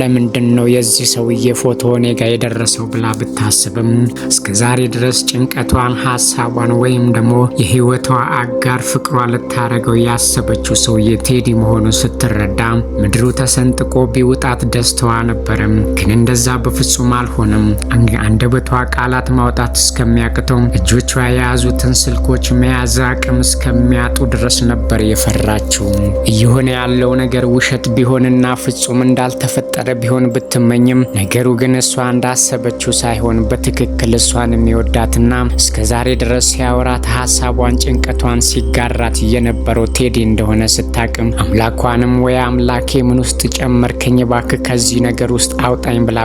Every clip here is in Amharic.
ለምንድን ነው የዚህ ሰውዬ ፎቶ ኔጋ የደረሰው ብላ ብታስብም እስከ ዛሬ ድረስ ጭንቀቷን፣ ሀሳቧን ወይም ደግሞ የህይወቷ አጋር ፍቅሯ ልታረገው ያሰበችው ሰውዬ ቴዲ መሆኑ ስትረዳ ምድሩ ተሰንጥቆ ቢውጣት ደስታዋ ነበረም። ግን እንደዛ በፍጹም አልሆነም። አንደበቷ ቃላት ማውጣት እስከሚያቅተው እጆቿ የያዙትን ስልኮች መያዝ አቅም እስከሚያጡ ድረስ ነበር የፈራችው። እየሆነ ያለው ነገር ውሸት ቢሆንና ፍጹም እንዳልተፈጠረ ቢሆን ብትመኝም ነገሩ ግን እሷ እንዳሰበችው ሳይሆን በትክክል እሷን የሚወዳትና እስከ ዛሬ ድረስ ሲያወራት ሀሳቧን፣ ጭንቀቷን ሲጋራት የነበረው ቴዲ እንደሆነ ስታቅም አምላኳንም ወይ አምላኬ ምን ውስጥ ጨመርከኝ ባክ ከዚህ ነገር ውስጥ አውጣኝ ብላ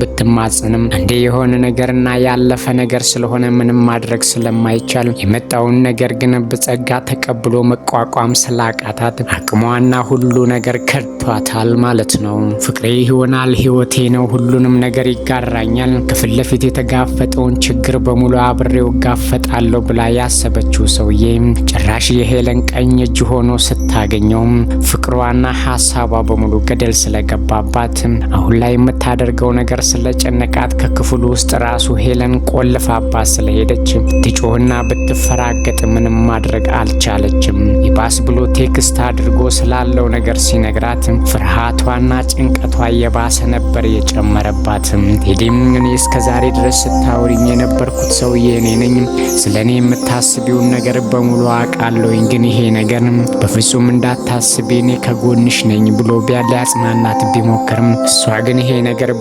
ብትማጽንም እንዴ የሆነ ነገርና ያለፈ ነገር ስለሆነ ምንም ማድረግ ስለማይቻል የመጣውን ነገር ግን በጸጋ ተቀብሎ መቋቋም ስላቃታት አቅሟና ሁሉ ነገር ከድቷታል ማለት ነው ፍቅሬ ፍቅሬ ይሆናል፣ ህይወቴ ነው፣ ሁሉንም ነገር ይጋራኛል፣ ከፊት ለፊት የተጋፈጠውን ችግር በሙሉ አብሬው እጋፈጣለሁ ብላ ያሰበችው ሰውዬ ጭራሽ የሄለን ቀኝ እጅ ሆኖ ስታገኘውም ፍቅሯና ሀሳቧ በሙሉ ገደል ስለገባባት አሁን ላይ የምታደርገው ነገር ስለጨነቃት ከክፍሉ ውስጥ ራሱ ሄለን ቆልፋባት ስለሄደች ብትጮህና ብትፈራገጥ ምንም ማድረግ አልቻለችም። ይባስ ብሎ ቴክስት አድርጎ ስላለው ነገር ሲነግራት ፍርሃቷና ጭንቀቷ የባሰ ነበር የጨመረባትም። ቴዲም እኔ እስከ ዛሬ ድረስ ስታውሪኝ የነበርኩት ሰውዬ እኔ ነኝ፣ ስለ እኔ የምታስቢውን ነገር በሙሉ አውቃለሁኝ፣ ግን ይሄ ነገር በፍጹም እንዳታስቢ እኔ ከጎንሽ ነኝ ብሎ ቢያለ ያጽናናት ቢሞክርም እሷ ግን ይሄ ነገር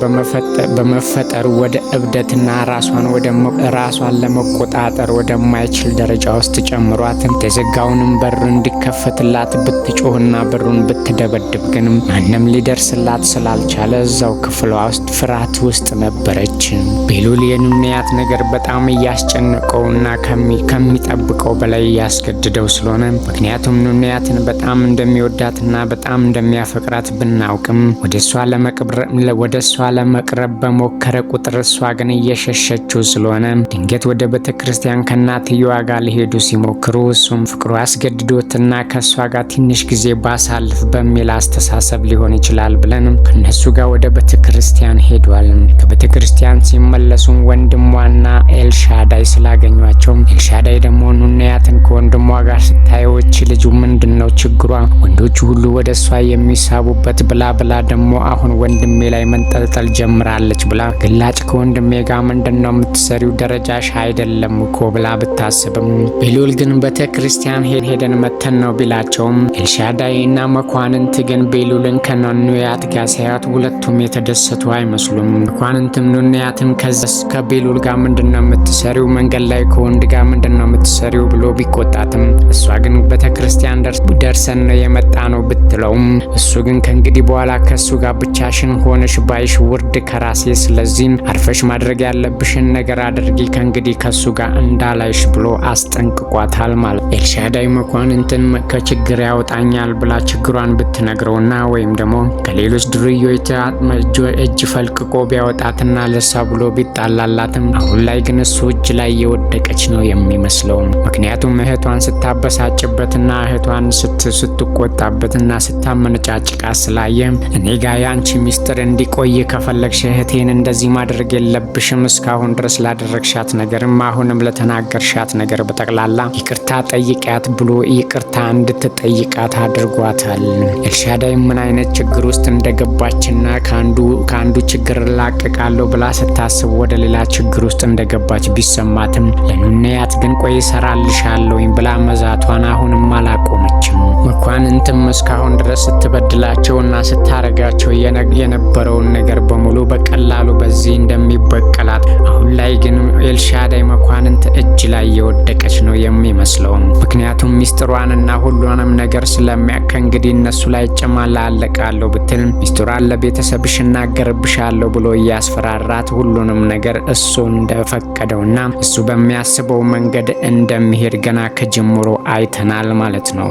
በመፈጠሩ ወደ እብደትና ራሷን ወደ ራሷን ለመቆጣጠር ወደማይችል ደረጃ ውስጥ ጨምሯት የዘጋውንም በር እንዲከፈትላት ብትጮህና በሩን ብትደበድብ ግን ማንም ሊደርስላት ስላ ስላልቻለ እዛው ክፍሏ ውስጥ ፍርሃት ውስጥ ነበረች። ቤሉል የኑንያት ነገር በጣም እያስጨነቀውና ከሚጠብቀው በላይ እያስገድደው ስለሆነ ምክንያቱም ኑንያትን በጣም እንደሚወዳትና በጣም እንደሚያፈቅራት ብናውቅም ወደ እሷ ለመቅረብ በሞከረ ቁጥር እሷ ግን እየሸሸችው ስለሆነ ድንገት ወደ ቤተ ክርስቲያን ከእናትየዋ ጋር ሊሄዱ ሲሞክሩ እሱም ፍቅሩ አስገድዶትና ከእሷ ጋር ትንሽ ጊዜ ባሳልፍ በሚል አስተሳሰብ ሊሆን ይችላል ብለን እነሱ ጋር ወደ ቤተክርስቲያን ሄዷል። ከቤተክርስቲያን ሲመለሱም ወንድሟና ኤልሻዳይ ስላገኟቸው ኤልሻዳይ ደግሞ ኑናያትን ከወንድሟ ጋር ስታየዎች ልጁ ምንድን ነው ችግሯ? ወንዶቹ ሁሉ ወደ እሷ የሚሳቡበት ብላ ብላ ደግሞ አሁን ወንድሜ ላይ መንጠልጠል ጀምራለች ብላ ግላጭ ከወንድሜ ጋር ምንድን ነው የምትሰሪው ደረጃሽ አይደለም እኮ ብላ ብታስብም ቤሉል ግን ቤተክርስቲያን ሄደን መተን ነው ቢላቸውም ኤልሻዳይና መኳንንት ግን ቤሉልን ከናኑያት ጋር ሲያያት ሁለቱም የተደሰቱ አይመስሉም። ኳንንትም ኑንያትን ከዚያ ከቤሉል ጋር ምንድነው የምትሰሪው? መንገድ ላይ ከወንድ ጋር ምንድነው የምትሰሪው ብሎ ቢቆጣትም እሷ ግን ቤተ ክርስቲያን ደርሰን ነው የመጣ ነው ብትለውም እሱ ግን ከእንግዲህ በኋላ ከእሱ ጋር ብቻሽን ሆነሽ ባይሽ ውርድ ከራሴ ስለዚህም አርፈሽ ማድረግ ያለብሽን ነገር አድርጊ ከእንግዲህ ከእሱ ጋር እንዳላይሽ ብሎ አስጠንቅቋታል። ማለት ኤልሻዳይ መኳንንትን ከችግር ያወጣኛል ብላ ችግሯን ብትነግረውና ወይም ደግሞ ከሌሎች ድሪ ሰውዬ እጅ ፈልቅቆ ቢያወጣትና ለሳ ብሎ ቢጣላላትም አሁን ላይ ግን እሱ እጅ ላይ የወደቀች ነው የሚመስለው። ምክንያቱም እህቷን ስታበሳጭበትና እህቷን ስትቆጣበትና ስታመነጫጭቃ ስላየ እኔ ጋ የአንቺ ሚስጥር እንዲቆይ ከፈለግሽ እህቴን እንደዚህ ማድረግ የለብሽም። እስካሁን ድረስ ላደረግሻት ነገርም አሁንም ለተናገርሻት ነገር በጠቅላላ ይቅርታ ጠይቂያት ብሎ ይቅርታ እንድትጠይቃት አድርጓታል። ኤልሻዳይ ምን አይነት ችግር ውስጥ እንደገባ እንደገባችና ከአንዱ ችግር ላቀቃለሁ ብላ ስታስብ ወደ ሌላ ችግር ውስጥ እንደገባች ቢሰማትም ለኑነያት ግን ቆይ እሰራልሻለሁኝ ብላ መዛቷን አሁንም አላቆመችም። መኳንንትም እስካሁን ድረስ ስትበድላቸውና ስታረጋቸው የነበረውን ነገር በሙሉ በቀላሉ በዚህ እንደሚበቀላት፣ አሁን ላይ ግን ኤልሻዳይ መኳንንት እጅ ላይ የወደቀች ነው የሚመስለው። ምክንያቱም ሚስጥሯንና ሁሉንም ነገር ስለሚያውቅ ከእንግዲህ እነሱ ላይ አለቃለሁ ብትል ሚስጥሯን ለቤተሰብሽ እናገርብሻለሁ ብሎ እያስፈራራት ሁሉንም ነገር እሱ እንደፈቀደውና እሱ በሚያስበው መንገድ እንደሚሄድ ገና ከጀምሮ አይተናል ማለት ነው።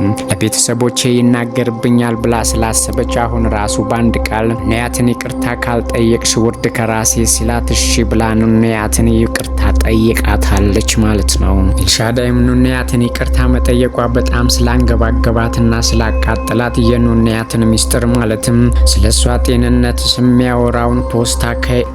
ቤተሰቦቼ ይናገርብኛል ብላ ስላሰበች አሁን ራሱ በአንድ ቃል ነያትን ይቅርታ ካልጠየቅሽ ውርድ ከራሴ ሲላት እሺ ብላ ኑንያትን ይቅርታ ጠይቃታለች ማለት ነው። ኤልሻዳይም ኑንያትን ይቅርታ መጠየቋ በጣም ስላንገባገባትና ስላቃጥላት የኑንያትን ሚስጥር ማለትም ስለ እሷ ጤንነት ስሚያወራውን ፖስታ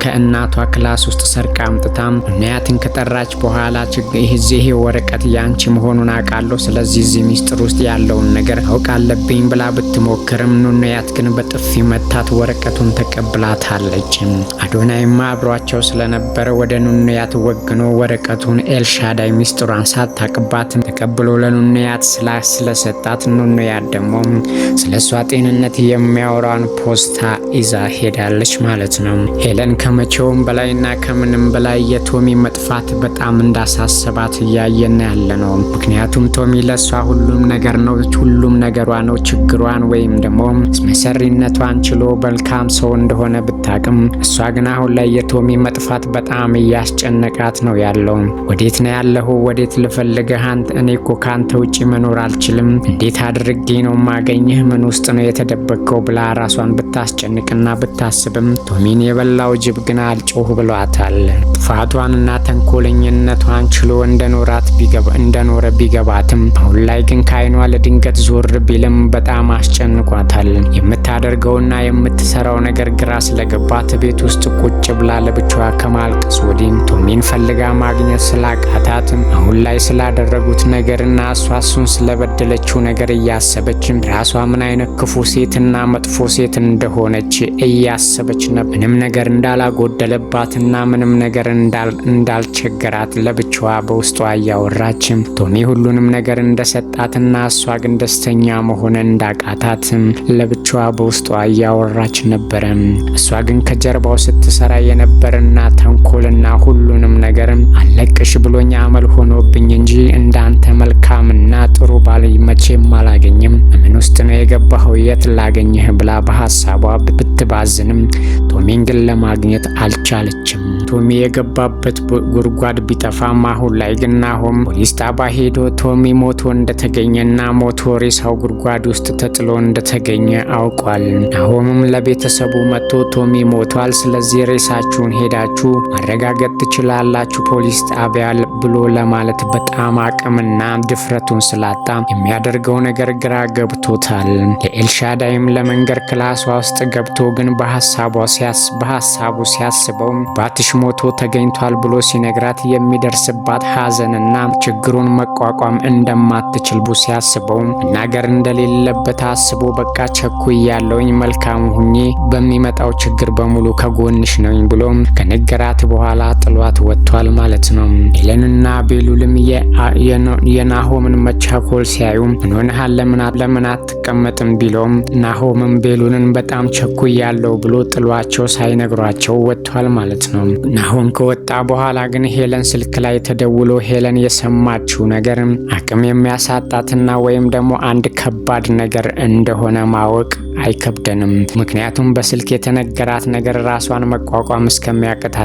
ከእናቷ ክላስ ውስጥ ሰርቃ አምጥታም ኑንያትን ከጠራች በኋላ ይህ ወረቀት ያንቺ መሆኑን አውቃለሁ፣ ስለዚህ እዚህ ሚስጥር ውስጥ ያለውን ነገር እውቅ አለብኝ ብላ ብትሞክርም ያት ግን በጥፊ መታት፣ ወረቀቱን ተቀብላታለች። አዶናይማ አብሯቸው ስለነበረ ወደ ያት ወግኖ ወረቀቱን ኤልሻዳይ ሚስጥሯን ሳታቅባት ተቀብሎ ያት ስለሰጣት፣ ኑኑያት ደግሞ ስለ እሷ ጤንነት የሚያወራን ፖስታ ይዛ ሄዳለች ማለት ነው። ሄለን ከመቼውም በላይና ከምንም በላይ የቶሚ መጥፋት በጣም እንዳሳሰባት እያየን ያለ ነው። ምክንያቱም ቶሚ ለእሷ ሁሉም ነገር ነው ሁሉ ሁሉም ነገሯ ነው ችግሯን ወይም ደግሞ መሰሪነቷን ችሎ በልካም ሰው እንደሆነ ብታቅም እሷ ግን አሁን ላይ የቶሚ መጥፋት በጣም እያስጨነቃት ነው ያለው። ወዴት ነው ያለሁ? ወዴት ልፈልግህ? አንተ እኔ እኮ ካንተ ውጭ መኖር አልችልም። እንዴት አድርጌ ነው ማገኘህ? ምን ውስጥ ነው የተደበቀው? ብላ ራሷን ብታስጨንቅና ብታስብም ቶሚን የበላው ጅብ ግን አልጮህ ብሏታል። ጥፋቷንና ተንኮለኝነቷን ችሎ እንደኖራት እንደኖረ ቢገባትም አሁን ላይ ግን ከአይኗ ለድንገት ዞር ቢልም በጣም አስጨንቋታል። የምታደርገውና የምትሰራው ነገር ግራ ስለገባት ቤት ውስጥ ቁጭ ብላ ለብቻዋ ከማልቀስ ወዲህ ቶሚን ፈልጋ ማግኘት ስላቃታት አሁን ላይ ስላደረጉት ነገርና እሷ እሱን ስለበደለችው ነገር እያሰበች ራሷ ምን አይነት ክፉ ሴትና መጥፎ ሴት እንደሆነች እያሰበች ነ ምንም ነገር እንዳላጎደለባትና ምንም ነገር እንዳልቸገራት ለብቻዋ በውስጧ እያወራችም ቶሚ ሁሉንም ነገር እንደሰጣትና እሷ ግን ደስ ደስተኛ መሆን እንዳቃታትም ለብ ጓደኞቿ በውስጧ እያወራች ነበረ። እሷ ግን ከጀርባው ስትሰራ የነበርና ተንኮልና ሁሉንም ነገርም አለቅሽ ብሎኝ አመል ሆኖብኝ እንጂ እንዳንተ መልካምና ጥሩ ባል መቼም አላገኝም፣ ምን ውስጥ ነው የገባኸው? የት ላገኘህ? ብላ በሀሳቧ ብትባዝንም ቶሚን ግን ለማግኘት አልቻለችም። ቶሚ የገባበት ጉድጓድ ቢጠፋም አሁን ላይ ግን ናሆም ፖሊስ ጣቢያ ሄዶ ቶሚ ሞቶ እንደተገኘና ሞቶ ሬሳው ጉድጓድ ውስጥ ተጥሎ እንደተገኘ ታውቋል። ናሆምም ለቤተሰቡ መጥቶ ቶሚ ሞቷል፣ ስለዚህ ሬሳችሁን ሄዳችሁ ማረጋገጥ ትችላላችሁ ፖሊስ ጣቢያ ብሎ ለማለት በጣም አቅምና ድፍረቱን ስላጣ የሚያደርገው ነገር ግራ ገብቶታል። ለኤልሻዳይም ለመንገር ክላሷ ውስጥ ገብቶ ግን በሀሳቧ በሀሳቡ ሲያስበው ባትሽ ሞቶ ተገኝቷል ብሎ ሲነግራት የሚደርስባት ሀዘንና ችግሩን መቋቋም እንደማትችልቡ ሲያስበው መናገር እንደሌለበት አስቦ በቃ ቸኩ ያለውኝ መልካም ሁኜ በሚመጣው ችግር በሙሉ ከጎንሽ ነኝ ብሎም ከነገራት በኋላ ጥሏት ወጥቷል ማለት ነው። ኤለንና ቤሉልም የናሆምን መቻኮል ሲያዩ ምን ሆነሃል ለምን አትቀመጥም ቢለውም ናሆምም ቤሉልን በጣም ቸኩያለሁ ብሎ ጥሏቸው ሳይነግሯቸው ወጥቷል ማለት ነው። ናሆም ከወጣ በኋላ ግን ሄለን ስልክ ላይ ተደውሎ ሄለን የሰማችው ነገር አቅም የሚያሳጣትና ወይም ደግሞ አንድ ከባድ ነገር እንደሆነ ማወቅ አይከብደንም። ምክንያቱም በስልክ የተነገራት ነገር ራሷን መቋቋም እስከሚያቅታት